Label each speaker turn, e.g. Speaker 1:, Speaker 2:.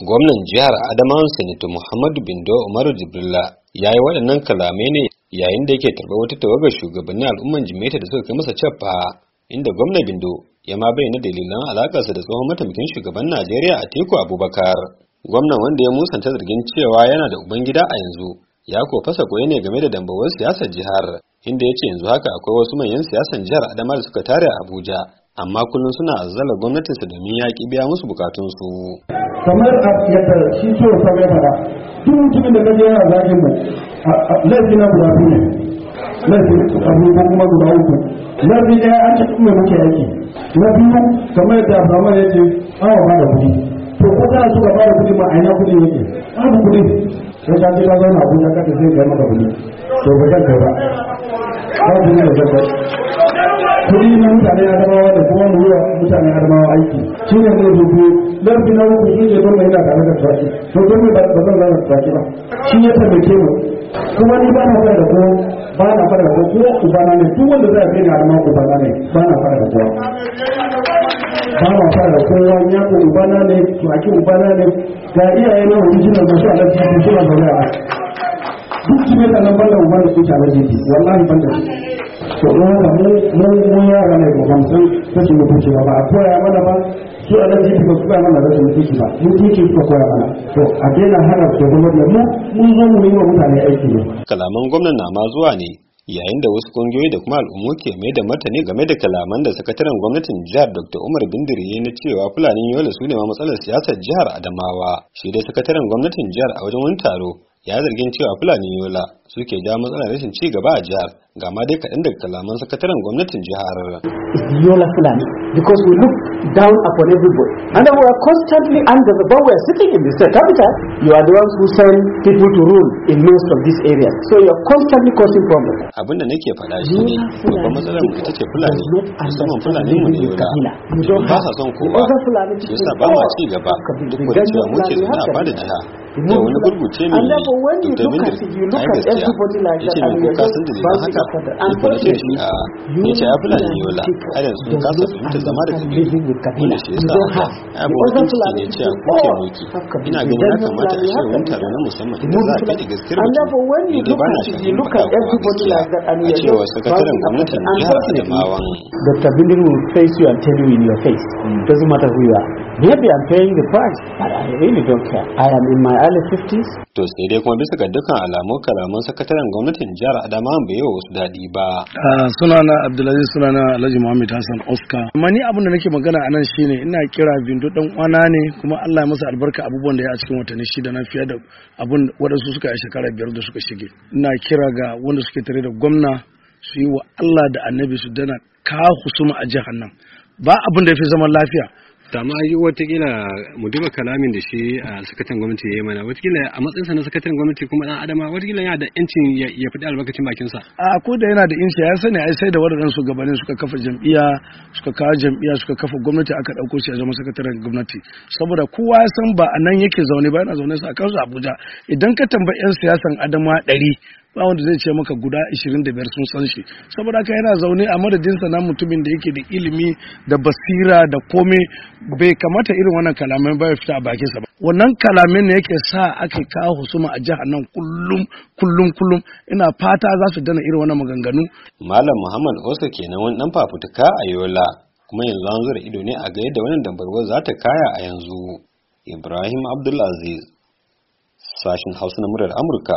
Speaker 1: gwamnan jihar adamawan Sanito muhammadu bindo umaru jibrila ya yi waɗannan kalamai ne yayin da yake tarbar wata tawagar shugabannin al'umman jimaita da suka kai masa cefa inda gwamna bindo ya ma bayyana dalilan alakarsa da tsohon mataimakin shugaban najeriya a teku abubakar gwamnan wanda ya musanta zargin cewa yana da ubangida a yanzu ya ko fasa koyi ne game da dambawar siyasar jihar inda ya ce yanzu haka akwai wasu manyan siyasan jihar adama da suka tare a abuja amma kullum suna azzala gwamnatinsa domin ya biya musu bukatunsu.
Speaker 2: kamar a yadda shi so sama ya fada duk mutumin da ka je yana zagin mu laifi na guda biyu ne laifi abubuwan kuma guda uku na biyu ɗaya an ce kuma muke yaki na biyu kamar yadda abraman ya ce awa ba da kuɗi to ko ta suka ba da kuɗi ma a ina kuɗi yake abu kuɗi ya ta ce ka zauna abuja ka ta zai kai maka kuɗi to ba kan kai ba ba kuɗi da zai kuɗi na mutane adamawa da kuma mu yiwa mutane adamawa aiki shi ne mai rubu larfi na uku shi ne gwamna yana tare da tuwaki to gwamna ba zan zama tuwaki ba shi ya taimake mu kuma ni ba na fara da kowa ba na fara da kowa kuma ubana ne duk wanda zai kai ni adamawa ubana ne ba na fara da kowa ba na fara da kowa ya ko ubana ne tuwaki ubana ne ga iyaye na wani jiran masu alaƙi da jiran ba zai a duk jiran nan ban da ubana su tare da wallahi ban da to don haka mu mun yara ne ko hamsin rashin mutunci ba ba a koya mana ba su a nan ba su koya mana rashin mutunci ba mutunci suka koya mana to a daina hana da gwamnati mu mun zo mu yi wa mutane aiki ne.
Speaker 1: kalaman gwamnan na ma zuwa ne yayin da wasu kungiyoyi da kuma al'ummu ke mai da martani game da kalaman da sakataren gwamnatin jihar dr umar bindiri na cewa fulani yola su ne ma matsalar siyasar jihar adamawa shi dai sakataren gwamnatin jihar a wajen wani taro ya zargin cewa fulani yola suke ja matsalar rashin ci gaba a jihar ga ma dai kaɗan daga kalaman sakataren gwamnatin jihar.
Speaker 2: Yola Fulani because we look down upon everybody and we are constantly under the but we are sitting in the state capital you are the ones who send people to rule in most of these areas so you are
Speaker 1: constantly causing problems. Abin da nake faɗa shi ne babban matsalar mu ita ce Fulani musamman Fulani mu ne Yola ba sa son kowa
Speaker 2: shi yasa ba ma ci
Speaker 1: gaba duk da cewa muke zaune a fada jiha da wani gurguce mai domin da a yi Abuja kuka sun da oh, a ce ya su ne ce a shirin wani taro na a
Speaker 2: Dr. Bindin will face you and tell you in your face. Mm. Doesn't matter who you are. Maybe I'm paying the price, but I really don't care. I am in my early 50s.
Speaker 1: To sai dai kuma bisa ga dukkan alamun sa sakataren gwamnatin jihar Adama bai yi wasu daɗi ba.
Speaker 3: Suna Abdullahi, Abdulaziz na Alhaji Muhammad Hassan Oscar. Amma ni abin da nake magana a nan shine ina kira bindu dan kwana ne kuma Allah ya masa albarka abubuwan da ya a cikin watanni shida na fiye da abun waɗansu suka yi shekara biyar da suka shige. Ina kira ga wanda suke tare da gwamna su yi wa Allah da annabi su dana kahu suma a jihar
Speaker 1: nan. Ba abin da ya fi zaman lafiya. ta ma yi watakila mu duba kalamin da shi a sakatan gwamnati ya yi mana watakila a matsayinsa na sakatan gwamnati kuma dan adama watakila yana da yancin ya faɗi albarkacin bakinsa
Speaker 3: a ko da yana da yanci ya sani ai sai da waɗannan shugabannin suka kafa jam'iyya suka kawo jam'iyya suka kafa gwamnati aka ɗauko shi a zama sakataren gwamnati saboda kowa ya san ba a nan yake zaune ba yana zaune su a kansu Abuja idan ka tambayi 'yan siyasan adama ɗari ba wanda zai ce maka guda 25 sun san shi saboda haka yana zaune a madadinsa na mutumin da yake da ilimi da basira da kome bai kamata irin wannan kalamai ba ya fita a bakinsa ba wannan kalamai ne yake sa ake kawo husuma a jihar nan kullum kullum kullum ina fata za su dana irin wannan maganganu
Speaker 1: malam muhammad hosa kenan wani dan fafutuka a yola kuma yanzu an zura ido ne a ga yadda wannan dambarwar za ta kaya a yanzu ibrahim abdulaziz sashin hausa na murar amurka